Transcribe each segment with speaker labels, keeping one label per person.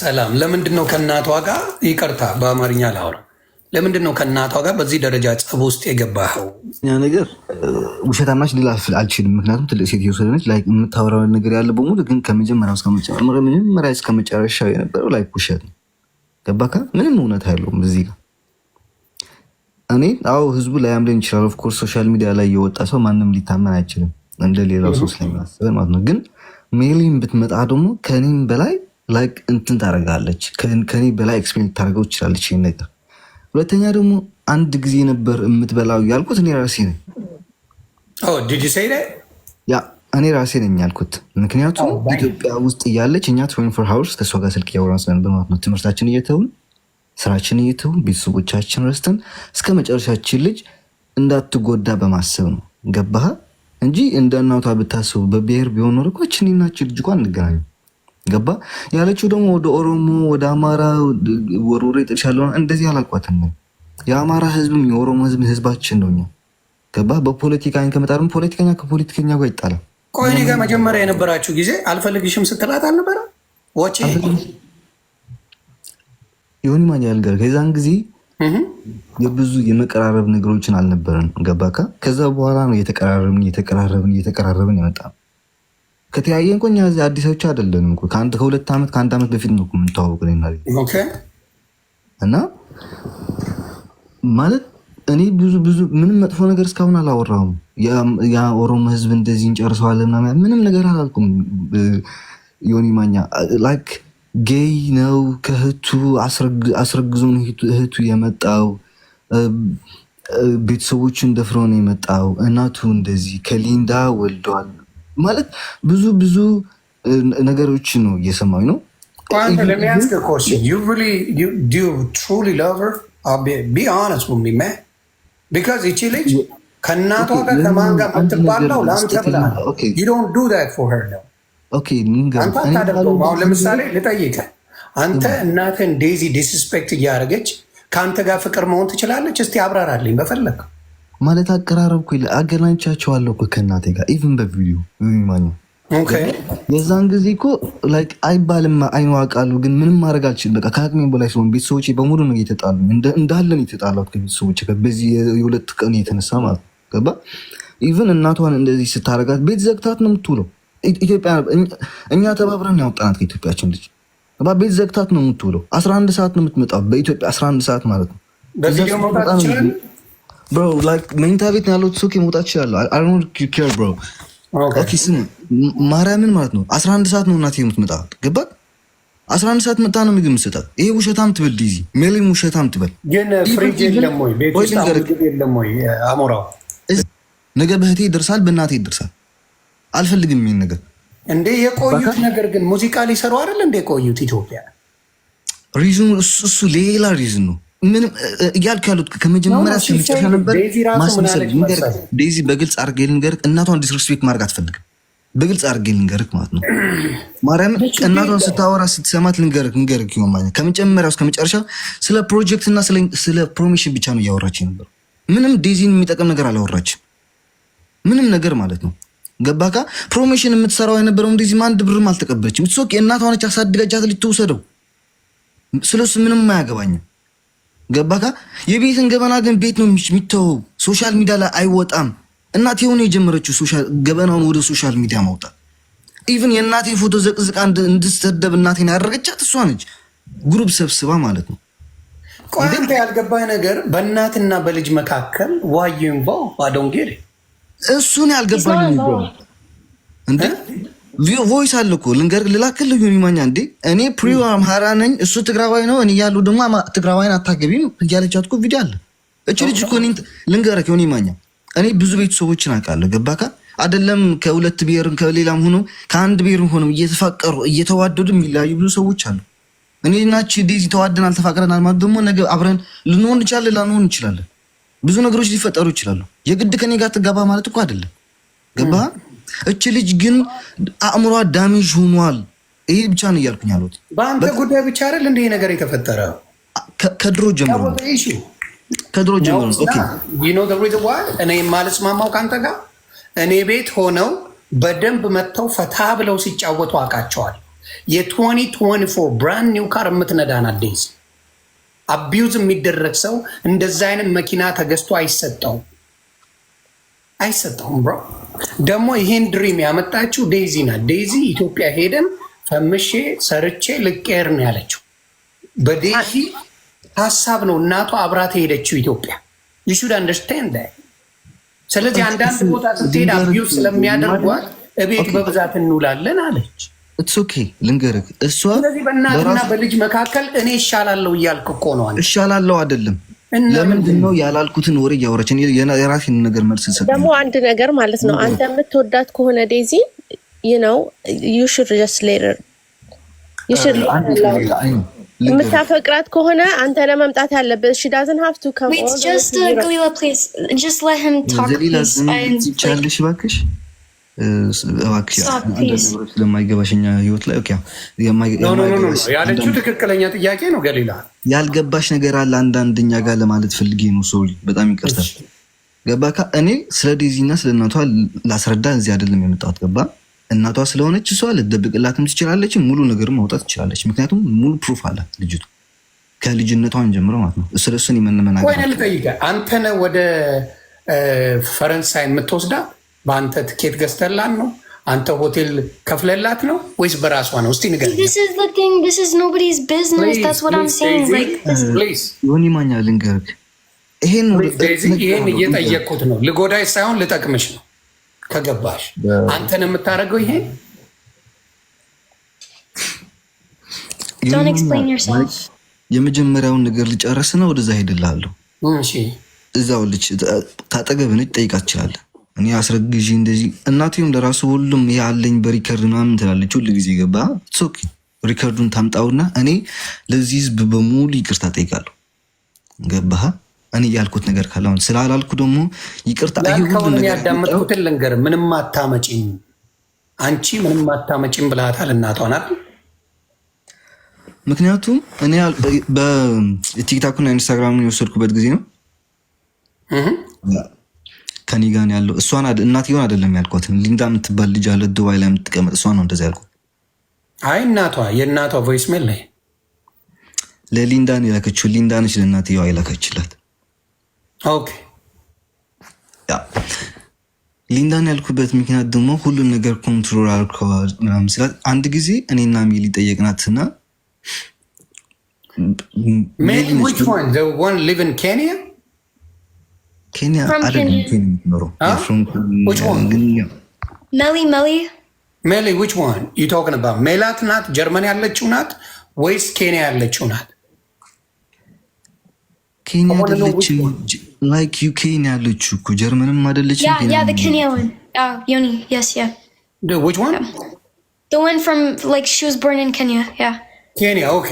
Speaker 1: ሰላም ለምንድን ነው ከእናቷ ጋር ይቅርታ፣ በአማርኛ ላውራ። ለምንድን ነው ከእናቷ ጋር በዚህ ደረጃ ጸብ ውስጥ የገባኸው?
Speaker 2: እኛ ነገር ውሸታማች ናች አልችልም። ምክንያቱም ትልቅ ሴትዮ ስለሆነች የምታወራው ነገር ያለ በሙሉ ግን ከመጀመሪያው እስከ መጨረሻ የነበረው ላይ ውሸት ነው። ገባከ? ምንም እውነት ያለውም እዚህ ጋር እኔ አዎ፣ ህዝቡ ላይ አምለን ይችላል። ኦፍኮርስ ሶሻል ሚዲያ ላይ የወጣ ሰው ማንም ሊታመን አይችልም፣ እንደ ሌላው ሰው ስለሚያስበን ማለት ነው። ግን ሜሊን ብትመጣ ደግሞ ከኔም በላይ ላይክ እንትን ታደርጋለች ከኔ በላይ ኤክስፔሪንስ ታደርገው ይችላለች ይህን ነገር። ሁለተኛ ደግሞ አንድ ጊዜ ነበር የምትበላው ያልኩት እኔ ራሴ ነኝ። oh, ያ እኔ ራሴ ነኝ ያልኩት፣ ምክንያቱም oh, ኢትዮጵያ ውስጥ እያለች እኛ ትዌንቲ ፎር ከእሷ ጋር ስልክ እያወራን ስለነበር ማለት ነው። ትምህርታችን እየተውን፣ ስራችን እየተውን፣ ቤተሰቦቻችን ረስተን እስከ መጨረሻችን ልጅ እንዳትጎዳ በማሰብ ነው። ገባህ እንጂ እንደ እናቷ ብታስቡ በብሔር ቢሆን ኖር እኮ እችን ልጅ እንገናኙ ገባ ያለችው ደግሞ ወደ ኦሮሞ ወደ አማራ ወርውሬ ጥልሻለሁ እንደዚህ አላልኳትም። የአማራ ህዝብም የኦሮሞ ህዝብ ህዝባችን ነው። እኛ ገባ በፖለቲካ ከመጣርም ፖለቲከኛ ከፖለቲከኛ ጋር ይጣላል።
Speaker 1: ቆይ እኔ ጋር መጀመሪያ የነበራችሁ ጊዜ አልፈልግሽም ስትላት አልነበረ ወጪ
Speaker 2: የሆን ማን ያልገር ከዛን ጊዜ የብዙ የመቀራረብ ነገሮችን አልነበረን። ገባካ ከዛ በኋላ ነው እየተቀራረብን እየተቀራረብን እየተቀራረብን የመጣ ነው ከተያየን እኮ እኛ አዲስ ብቻ አይደለንም ከአንድ ከሁለት ዓመት ከአንድ ዓመት በፊት ነው የምንተዋወቅ እና ማለት እኔ ብዙ ብዙ ምንም መጥፎ ነገር እስካሁን አላወራሁም። የኦሮሞ ህዝብ እንደዚህ እንጨርሰዋለን ምንም ነገር አላልኩም። ዮኒ ማኛ ላይክ ጌይ ነው ከእህቱ አስረግዞን እህቱ የመጣው ቤተሰቦቹ እንደፍረው ነው የመጣው እናቱ እንደዚህ ከሊንዳ ወልደዋል ማለት ብዙ ብዙ ነገሮች ነው እየሰማኝ ነው።
Speaker 1: ይቺ ልጅ ከእናቷ ጋር ከማን ጋር የምትባለው ለአንተ ብላ
Speaker 2: አንተ
Speaker 1: አታደርገውም። አሁን ለምሳሌ ልጠይቅህ፣ አንተ እናትህን ዴዚ ዲስስፔክት እያደረገች ከአንተ ጋር ፍቅር መሆን ትችላለች? እስቲ አብራራልኝ በፈለግ
Speaker 2: ማለት አቀራረብኩ አገናኝቻቸዋለሁ እኮ ከእናቴ ጋር ኢቭን በቪዲዮ ማኝ የዛን ጊዜ እኮ ላይክ አይባልም አይኗ ግን ምንም ማድረግ አልችልም። በቃ ከአቅሜ በላይ ሲሆን ቤተሰቦች በሙሉ ነው እየተጣሉ እንዳለን የተጣላት ከቤተሰቦች በዚህ የሁለት ቀን የተነሳ ማለት ነው። ገባ ኢቭን እናቷን እንደዚህ ስታረጋት ቤት ዘግታት ነው የምትውለው። እኛ ተባብረን ያወጣናት ከኢትዮጵያችን ልጅ ቤት ዘግታት ነው የምትውለው። 11 ሰዓት ነው የምትመጣው በኢትዮጵያ 11 ሰዓት ማለት ነው። ብሮ ላይክ መኝታ ቤት ያለው። ሶኬ መውጣት እችላለሁ። አይ ብሮ። ኦኬ ማርያምን ማለት ነው። 11 ሰዓት ነው እናቴ የምትመጣ ገባት። 11 ሰዓት መጣ ነው ምግብ የምትሰጣት። ይሄ ውሸታም ትበል ዲዚ ሜሊም ውሸታም ትበል። ነገ በእህቴ ይደርሳል፣ በእናቴ ይደርሳል። አልፈልግም ይሄን ነገር
Speaker 1: እንዴ የቆዩት ነገር ግን ሙዚቃ ሊሰሩ አይደል እንዴ የቆዩት ኢትዮጵያ።
Speaker 2: ሪዝኑ እሱ ሌላ ሪዝን ነው ምንም እያልክ ያሉት ከመጀመሪያ ስልጫ ነበር ማስመሰል። ንገርህ ዴዚ፣ በግልጽ አድርጌ ልንገርህ፣ እናቷን ዲስሪስፔክት ማድረግ አትፈልግም። በግልጽ አድርጌ ልንገርህ ማለት ነው። ማርያም እናቷን ስታወራ ስትሰማት ልንገርህ፣ ንገርህ ይሆን ማለት ከመጀመሪያ እስከመጨረሻ ስለ ፕሮጀክት እና ስለ ፕሮሚሽን ብቻ ነው እያወራች ነበር። ምንም ዴዚን የሚጠቅም ነገር አላወራችም። ምንም ነገር ማለት ነው። ገባካ? ፕሮሚሽን የምትሰራው የነበረው ዴዚ አንድ ብርም አልተቀበለችም። እናቷ ነች አሳድጋጃት ልትውሰደው። ስለሱ ምንም አያገባኝም። ገባካ? የቤትን ገበና ግን ቤት ነው የሚተው፣ ሶሻል ሚዲያ ላይ አይወጣም። እናቴ ሆነ የጀመረችው ሶሻል ገበናውን ወደ ሶሻል ሚዲያ ማውጣት ኢቭን የእናቴን ፎቶ ዘቅዝቃ እንድሰደብ እናቴን ያደረገቻት እሷ ነች፣ ግሩፕ ሰብስባ ማለት ነው።
Speaker 1: ቆንተ ያልገባኝ ነገር በእናትና በልጅ መካከል ዋዩንባ አዶንጌ
Speaker 2: እሱን ያልገባኝ እንዴ ቮይስ አለ እኮ ልንገር ልላክልህ ዮኒ ማኛ እንዴ እኔ ፕሪ አምሃራ ነኝ፣ እሱ ትግራዋይ ነው። እኔ እያለሁ ደግሞ ትግራዋይን አታገቢም እያለቻት እኮ ቪዲዮ አለ። እች ልጅ እኮ ልንገርህ ሆን ይማኛ እኔ ብዙ ቤተሰቦችን አውቃለሁ። ገባካ አደለም ከሁለት ብሔርም ከሌላም ሆኖ ከአንድ ብሔርም ሆኖ እየተፋቀሩ እየተዋደዱ የሚለያዩ ብዙ ሰዎች አሉ። እኔ ናች ዴዚ ተዋደናል፣ ተፋቅረናል ማለት ደግሞ ነገ አብረን ልንሆን እንችላለን፣ ላንሆን እንችላለን። ብዙ ነገሮች ሊፈጠሩ ይችላሉ። የግድ ከኔ ጋር ትጋባ ማለት እኮ አደለም ገባ እች ልጅ ግን አእምሯ ዳሜጅ ሆኗል። ይሄ ብቻ ነው እያልኩኝ ያሉት።
Speaker 1: በአንተ ጉዳይ ብቻ አይደል እንዲህ ነገር የተፈጠረ
Speaker 2: ከድሮ ጀምሮ ከድሮ ጀምሮ
Speaker 1: እኔ የማልስማማው ከአንተ ጋር እኔ ቤት ሆነው በደንብ መጥተው ፈታ ብለው ሲጫወቱ አውቃቸዋል። የ2024 ብራንድ ኒው ካር የምትነዳን አዲስ አቢዩዝ የሚደረግ ሰው እንደዛ አይነት መኪና ተገዝቶ አይሰጠውም። አይሰጠውም ብሮ። ደግሞ ይህን ድሪም ያመጣችው ዴዚ ናት። ዴዚ ኢትዮጵያ ሄደን ፈምሼ ሰርቼ ልቀር ነው ያለችው። በዴዚ ሀሳብ ነው እናቷ አብራት ሄደችው ኢትዮጵያ። ዩሹድ አንደርስታንድ። ስለዚህ አንዳንድ ቦታ ስትሄድ አብዩዝ ስለሚያደርጓት እቤት በብዛት እንውላለን አለች።
Speaker 2: ኦኬ ልንገርህ፣ እሷ
Speaker 1: ስለዚህ በእናትና በልጅ መካከል እኔ እሻላለሁ እያልክ እኮ ነው።
Speaker 2: እሻላለሁ አይደለም ለምንድን ነው ያላልኩትን ወሬ እያወረችን? የራሴን ነገር መልስ ሰ
Speaker 3: ደግሞ አንድ ነገር ማለት ነው። አንተ የምትወዳት ከሆነ ዴዚ ነው ዩሽር የምታፈቅራት ከሆነ አንተ ለመምጣት ያለበት እሺ ዳዝን ሀፍቱ ከምጀስት
Speaker 4: ሊላ ፕሊዝ ጀስት ለት ሂም ታክ
Speaker 2: ቻለሽ እባክሽ እባክሽ ስለማይገባሽ ህይወት ላይ
Speaker 1: ያለችው ትክክለኛ ጥያቄ ነው። ገሊላ
Speaker 2: ያልገባሽ ነገር አለ አንዳንድኛ ጋር ለማለት ፈልጌ ነው። ሰው በጣም ይቅርታል። ገባ እኔ ስለ ዴዚ እና ስለ እናቷ ላስረዳ እዚህ አይደለም የመጣሁት። ገባ እናቷ ስለሆነች እሷ ልደብቅላትም ትችላለች፣ ሙሉ ነገር ማውጣት ትችላለች። ምክንያቱም ሙሉ ፕሩፍ አለ ልጅቱ ከልጅነቷን ጀምሮ ማለት ነው። ስለሱን
Speaker 1: የምንመናገር ልጠይቀ አንተነ ወደ ፈረንሳይ የምትወስዳ በአንተ ትኬት ገዝተላት ነው? አንተ ሆቴል ከፍለላት ነው ወይስ በራሷ ነው? እስቲ ንገረኝ።
Speaker 2: ዮኒ ማኛ ልንገርህ፣
Speaker 1: ይህን እየጠየቅኩት ነው። ልጎዳይ ሳይሆን ልጠቅምሽ ነው። ከገባሽ አንተን የምታደርገው ይሄን
Speaker 2: የመጀመሪያውን ነገር ልጨረስና ወደዛ ሄድልሃለሁ። እዛው ልጅ ታጠገብንች ጠይቃችላለን እኔ አስረግዥ እንደዚህ እናትም ለራሱ ሁሉም ያለኝ በሪከርድ ምናምን ትላለች ሁሉ ጊዜ ገባ ሶክ ሪከርዱን ታምጣውና እኔ ለዚህ ህዝብ በሙሉ ይቅርታ ጠይቃለሁ። ገባህ? እኔ ያልኩት ነገር ካለሁን ስላላልኩ ደግሞ ይቅርታ
Speaker 1: ያዳመጥኩትን ልንገርህ። ምንም አታመጪም አንቺ ምንም አታመጪም ብላታል እናቷን
Speaker 2: ምክንያቱም እኔ በቲክታኩና ኢንስታግራም የወሰድኩበት ጊዜ ነው ከኔ ጋር ያለው እሷን እናትየውን አይደለም ያልኳት። ሊንዳ የምትባል ልጅ አለ ዱባይ ላይ የምትቀመጥ እሷ ነው እንደዚህ ያልኳት።
Speaker 1: አይ እናቷ የእናቷ ቮይስ ሜል ላይ
Speaker 2: ለሊንዳን የላከችው ሊንዳ ነች፣ ለእናትየዋ የላከችላት። ኦኬ ሊንዳን ያልኩበት ምክንያት ደግሞ ሁሉን ነገር ኮንትሮል አልከዋል ምናምን ስላት፣ አንድ ጊዜ እኔና ሜሊ ጠየቅናትና
Speaker 1: ሜሊ ኬንያ
Speaker 2: ኬንያ አይደለም የምትኖረው
Speaker 4: መሊ መሊ
Speaker 1: ሜሊ ዊች ዋን ዩ ቶክን አባውት ሜላት ናት ጀርመን ያለችው ናት ወይስ ኬንያ ያለችው ናት?
Speaker 2: ኬንያ አይደለችም። ላይክ ዩ ኬንያ ያለችው እኮ ጀርመንም አይደለችም።
Speaker 4: ያ ዘ ኬንያ ዋን ያ ዮኒ የስ ያ ዊች ዋን ዘ ዋን ፍሮም ላይክ ሺ ዋዝ ቦርን ኢን ኬንያ ያ
Speaker 1: ኬንያ ኦኬ።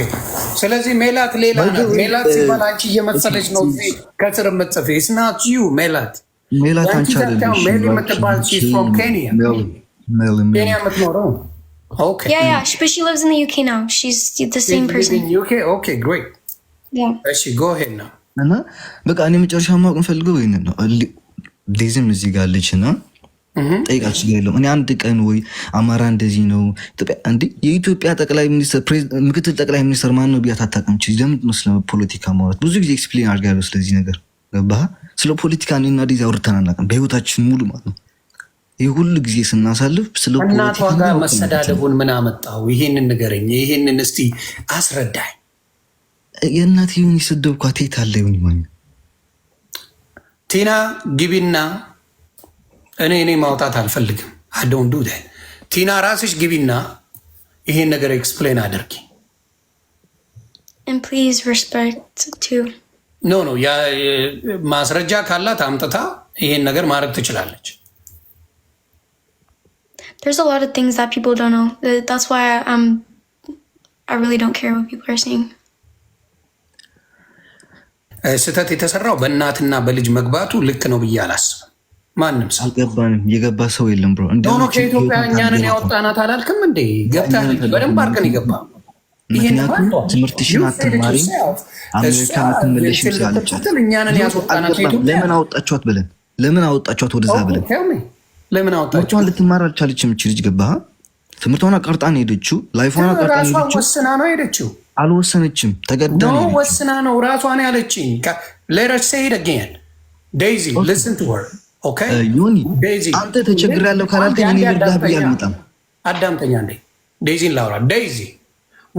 Speaker 1: ስለዚህ ሜላት ሌላ ናት። ሜላት uh, ሲባል አንቺ እየመሰለች ነው እዚህ ከስር የምትጽፊው ስናት ዩ ሜላት ሜላት አንቺ ሜል የምትባል ኬንያ ኬንያ የምትኖረው
Speaker 2: እና በቃ እኔ መጨረሻ ማወቅ እንፈልገው ይህንን ነው። ዴዝም እዚህ ጋር አለች እና ጠይቃችሁ ችግር የለውም። እኔ አንድ ቀን ወይ አማራ እንደዚህ ነው የኢትዮጵያ ጠቅላይ ሚኒስትር ምክትል ጠቅላይ ሚኒስትር ማን ነው ብያት አታውቅም። ለምንድን ነው ስለ ፖለቲካ ማውራት ብዙ ጊዜ ኤክስፕሌን አድርጋለሁ። ስለዚህ ነገር ገባ። ስለ ፖለቲካ እኔና ዲዚ አውርተን አናውቅም በህይወታችን ሙሉ ማለት ነው። ይህ ሁሉ ጊዜ ስናሳልፍ ስለ
Speaker 1: እናቷ ጋር መሰዳደቡን ምን አመጣው? ይሄንን ንገረኝ፣ ይሄንን እስቲ አስረዳኝ።
Speaker 2: የእናት ይሁን የሰደብኳት የት አለ ይሁን
Speaker 1: ቴና ግቢና እኔ እኔ ማውጣት አልፈልግም። አደውን ዱ ቲና ራስሽ ግቢና ይሄን ነገር ኤክስፕሌን አድርጊ። ኖ ኖ ማስረጃ ካላት አምጥታ ይሄን ነገር ማድረግ ትችላለች። uh, uh, ስህተት የተሰራው በእናትና በልጅ መግባቱ ልክ ነው ብዬ አላስብም። ማንም ሰው
Speaker 2: አልገባንም። የገባ ሰው የለም። ብሮ
Speaker 1: እንደሆነ ከኢትዮጵያ እኛንን ያወጣናት አላልክም እንዴ? ገብታ በደንብ አድርገን የገባ
Speaker 2: ምክንያቱም ትምህርትሽን አትማሪ አሜሪካ ምትመለሽ ስላለቻትል እኛንን ለምን አወጣችኋት ብለን ለምን አወጣችኋት ወደዛ ብለን ለምን አወጣችኋት? ልትማር አልቻለች እች ልጅ ገባ ትምህርቷን አቀርጣን ሄደችው።
Speaker 1: ላይፏን አቀርጣን ሄደችው። ወስና ነው ሄደችው።
Speaker 2: አልወሰነችም። ተገዳ
Speaker 1: ወስና ነው ራሷን ያለችኝ። ሌረች ሰሄድ ገኛል ዴይዚ ልስን ቱ ወር
Speaker 2: ዮኒ uh, አንተ ተቸግራለሁ ካላልከኝ እኔ ልርዳህ ብዬ አልመጣም።
Speaker 1: አዳምጠኛ እንዴ ዴይዚን ላውራ። ዴይዚ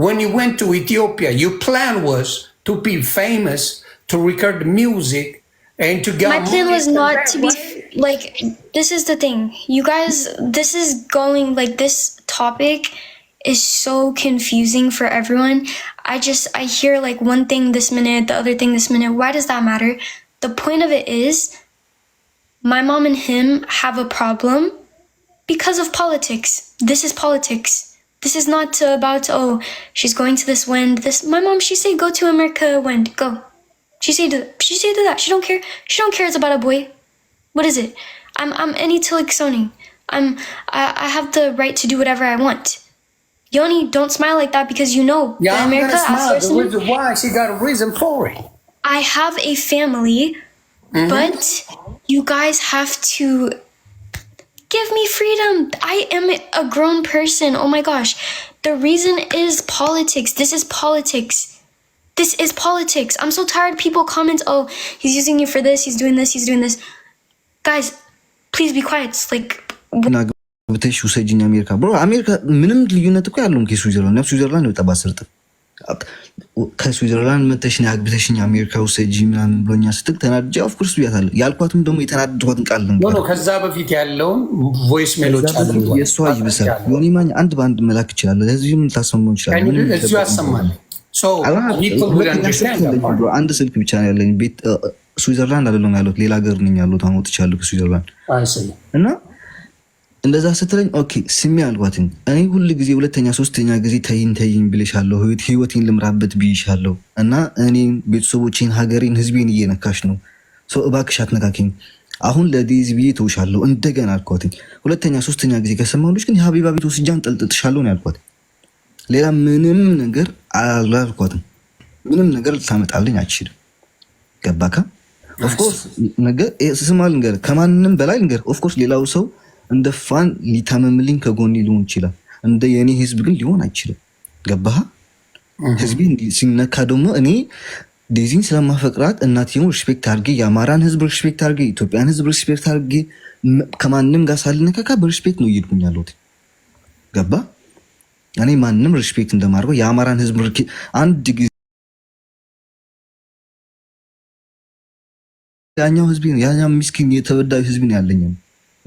Speaker 1: when you went to Ethiopia your plan was to be famous to record music and to get
Speaker 4: my plan was not to be like this is the thing you guys this is going like this topic is so confusing for everyone I just I hear like one thing this minute the other thing this minute why does that matter the point of it is my mom and him have a problem because of politics. This is politics. This is not about, oh, she's going to this wind. This my mom, she say go to America wind, go. She say do she say do that. She don't care. She don't care it's about a boy. What is it? I'm I'm any Tilixoni. I'm I, I have the right to do whatever I want. Yoni, don't smile like that because you know
Speaker 1: yeah, that America. Yeah, I'm gonna smile. why she got a reason for it.
Speaker 4: I have a family Mm-hmm. But you guys have to give me freedom. I am a grown person. Oh my gosh. The reason is politics. This is politics. This is politics. I'm so tired. People comment, oh, he's using you for this, he's doing this, he's doing this. Guys, please be quiet. It's like.
Speaker 2: ብተሽ ውሰጅኝ አሜሪካ አሜሪካ ምንም ልዩነት እኮ ያለውም ከስዊዘርላንድ ስዊዘርላንድ ከስዊዘርላንድ መተሽን አግብተሽኝ አሜሪካ ውሰጂ ምናምን ብሎኛ ስትል ተናድጄ ኦፍኮርስ ብያታለሁ። ያልኳትም ደግሞ የተናደድኳትን ቃል
Speaker 1: ከዛ በፊት ያለውን ቮይስ ሜሎች
Speaker 2: የእሷ ይብሰል ሆኒ ማ አንድ በአንድ መላክ ይችላለ። ለዚህም ልታሰማው ይችላል። አንድ ስልክ ብቻ ነው ያለኝ። ቤት ስዊዘርላንድ አይደለም ያለሁት ሌላ ሀገር ነኝ ያለሁት። አሁን ወጥቻለሁ ከስዊዘርላንድ እና እንደዛ ስትለኝ ኦኬ ስሜ አልኳትኝ። እኔ ሁል ጊዜ ሁለተኛ ሶስተኛ ጊዜ ተይኝ ተይኝ ብልሻለሁ፣ ህይወቴን ልምራበት ብይሻለሁ እና እኔን፣ ቤተሰቦቼን፣ ሀገሬን፣ ህዝቤን እየነካሽ ነው ሰው እባክሽ አትነካኪኝ። አሁን ለዴዚ ብዬ ተውሻለሁ እንደገና አልኳትኝ። ሁለተኛ ሶስተኛ ጊዜ ከሰማሁልሽ ግን የሀቢባ ቤት ወስጃን ጠልጥጥሻለሁ ነው ያልኳት። ሌላ ምንም ነገር አላልኳትም። ምንም ነገር ልታመጣልኝ አትችልም። ገባካ? ኦፍኮርስ ነገር ስማ፣ ልንገር፣ ከማንም በላይ ልንገር፣ ኦፍኮርስ ሌላው ሰው እንደ ፋን ሊታመምልኝ ከጎን ሊሆን ይችላል። እንደ የእኔ ህዝብ ግን ሊሆን አይችልም። ገባህ? ህዝቤ ሲነካ ደግሞ እኔ ዴዚን ስለማፈቅራት እናትየውን ሪስፔክት አድርጌ የአማራን ህዝብ ሪስፔክት አድርጌ ኢትዮጵያን ህዝብ ሪስፔክት አድርጌ ከማንም ጋር ሳልነካካ በሪስፔክት ነው እየሄድኩኝ ያለሁት። ገባ እኔ ማንም ሪስፔክት እንደማድርገው የአማራን ህዝብ አንድ ጊዜ ያኛው ህዝብ ያኛው ሚስኪን የተበዳዩ ህዝብ ነው ያለኝ።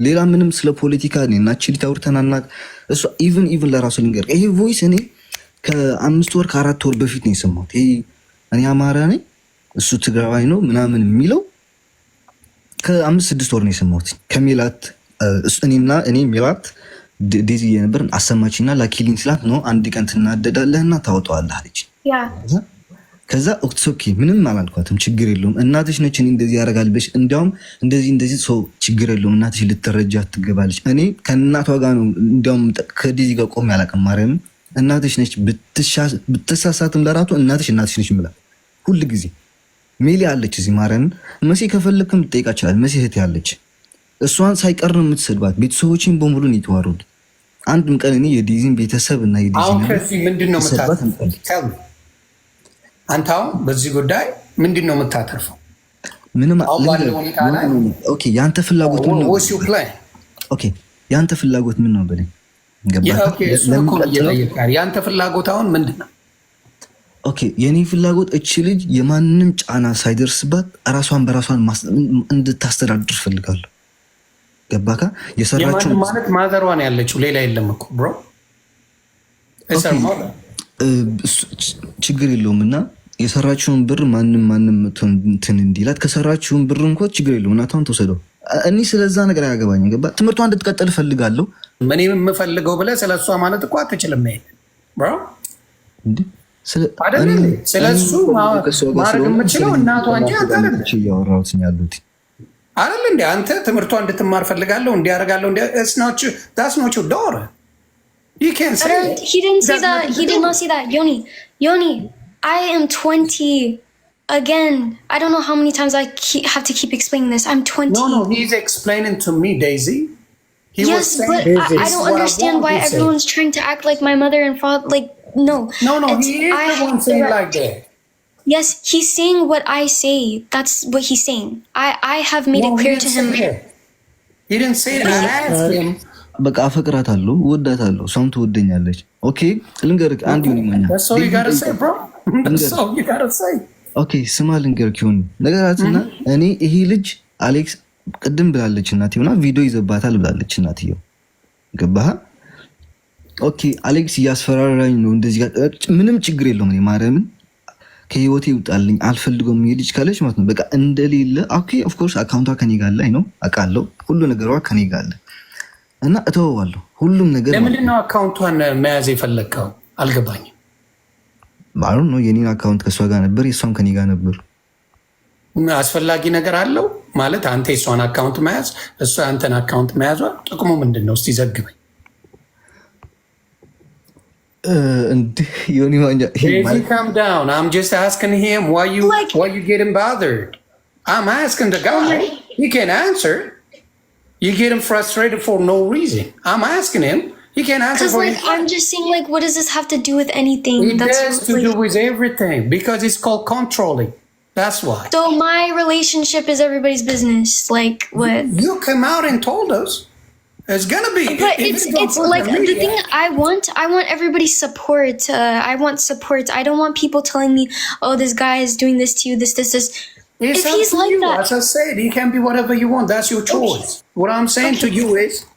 Speaker 2: ሌላ ምንም ስለ ፖለቲካ እኔና ቺሊት አውርተን አናቅ። እሷ ኢቭን ኢቭን ለራሱ ልንገር ይሄ ቮይስ እኔ ከአምስት ወር ከአራት ወር በፊት ነው የሰማሁት። ይሄ እኔ አማራ ነኝ እሱ ትግራዋይ ነው ምናምን የሚለው ከአምስት ስድስት ወር ነው የሰማሁት። ከሜላት እኔና እኔ ሜላት ዴዚ የነበርን አሰማችና ላኪሊን ስላት ነው አንድ ቀን ትናደዳለህና ታወጣዋለህ አለች። ከዛ ኦኬ ምንም አላልኳትም፣ ችግር የለውም እናትሽ ነች እኔ እንደዚህ ያደርጋል ብለሽ እንዲያውም እንደዚህ እንደዚህ ሰው ችግር የለውም እናትሽ ልትረጃ ትገባለች። እኔ ከእናቷ ጋር ነው እንዲያውም ከዲዚ ጋር ቆሜ አላውቅም። ማርያምን እናትሽ ነች ብትሳሳትም ለራቱ እናትሽ እናትሽ ነች ምላ ሁል ጊዜ ሜሊ አለች እዚህ ማርያምን መሲ ከፈለግክም ልጠይቃ ይችላል። መሲ እህት ያለች እሷን ሳይቀር ነው የምትሰድባት። ቤተሰቦችን በሙሉን የተዋረዱ አንድም ቀን እኔ የዲዚን ቤተሰብ እና
Speaker 1: የዲዚ ምንድን ነው አንተ አሁን በዚህ ጉዳይ ምንድን ነው የምታተርፈው?
Speaker 2: ምንም የአንተ ፍላጎት ምን ነው? የአንተ ፍላጎት ምን ነው በለኝ።
Speaker 1: የአንተ ፍላጎት አሁን ምንድን ነው?
Speaker 2: ኦኬ የእኔ ፍላጎት እቺ ልጅ የማንም ጫና ሳይደርስባት ራሷን በራሷን እንድታስተዳድር እፈልጋለሁ። ገባካ? የሰራችው
Speaker 1: ማለት ማዘሯን ያለችው ሌላ የለም እኮ ብሮ
Speaker 2: ችግር የለውም እና የሰራችውን ብር ማንም ማንም እንትን እንዲላት ከሰራችውን ብር እንኳ ችግር የለውም እናቷን ተወሰደው። እኔ ስለዛ ነገር አያገባኝ። ገባ ትምህርቷ እንድትቀጥል እፈልጋለሁ።
Speaker 1: እኔ የምፈልገው ብለህ ስለ እሷ ማለት እኮ አትችልም። ስለ እሱ ማድረግ የምችለው እናቷ እንጂ
Speaker 2: እያወራሁት ያሉት
Speaker 1: አይደል እንደ አንተ ትምህርቷ እንድትማር ፈልጋለሁ እንዲያደርጋለሁ ዳስኖቹ ዶር
Speaker 4: ዮኒ ዮኒ I am 20. Again, I don't know how many times I keep, have to keep explaining this. I'm 20. No,
Speaker 1: no, he's explaining to me, Daisy.
Speaker 4: He yes, but I, I, don't understand I why everyone's trying to act like my mother and father. Like, no.
Speaker 1: No, no, it's, he is I the one saying like that.
Speaker 4: Yes, he's saying what I say. That's what he's saying. I, I have made no, it clear to him.
Speaker 1: He didn't say it. I asked him
Speaker 2: በቃ አፈቅራታለሁ፣ እወዳታለሁ። እሷም ትወደኛለች። ኦኬ ልንገርህ፣ አንድ ሆን ይመኛል። ኦኬ ስማ፣ ልንገርህ ሆን ነገራትና እኔ ይሄ ልጅ አሌክስ ቅድም ብላለች እናትየውና ቪዲዮ ይዘባታል ብላለች እናትየው። ገባህ? ኦኬ አሌክስ እያስፈራራኝ ነው እንደዚህ። ምንም ችግር የለውም። እኔ ማርያምን ከህይወቴ ይውጣልኝ አልፈልገውም። ይሄ ልጅ ካለች ማለት ነው በቃ እንደሌለ ኦኬ። ኦፍኮርስ አካውንቷ ከኔ ጋር ላይ ነው አውቃለሁ። ሁሉ ነገሯ ከኔ ጋር አለ እና እተወዋለሁ። ሁሉም ነገር
Speaker 1: ለምንድነው አካውንቷን መያዝ የፈለግከው? አልገባኝም።
Speaker 2: ባሉ ነው የኔን አካውንት ከእሷ ጋር ነበር፣ የእሷም ከኔ ጋር ነበር።
Speaker 1: አስፈላጊ ነገር አለው ማለት አንተ የእሷን አካውንት መያዝ እሷ አንተን አካውንት መያዟ ጥቅሙ ምንድን ነው? እስቲ ዘግበኝ። ሆኒ you get him frustrated for no reason. I'm asking him. He can't answer for like,
Speaker 4: I'm just saying, like, what does this have to do with anything?
Speaker 1: It That's has to like, do with everything because it's called controlling. That's why.
Speaker 4: So my relationship is everybody's business. Like what?
Speaker 1: You come out and told us. It's gonna be.
Speaker 4: But it's it's like the, thing I want. I want everybody's support. Uh, I want support. I don't want people telling me, "Oh, this guy is doing this to you. This, this, this."
Speaker 1: It's if he's like you. that. As I said, he can be whatever you want. That's your choice. What I'm saying okay. to you is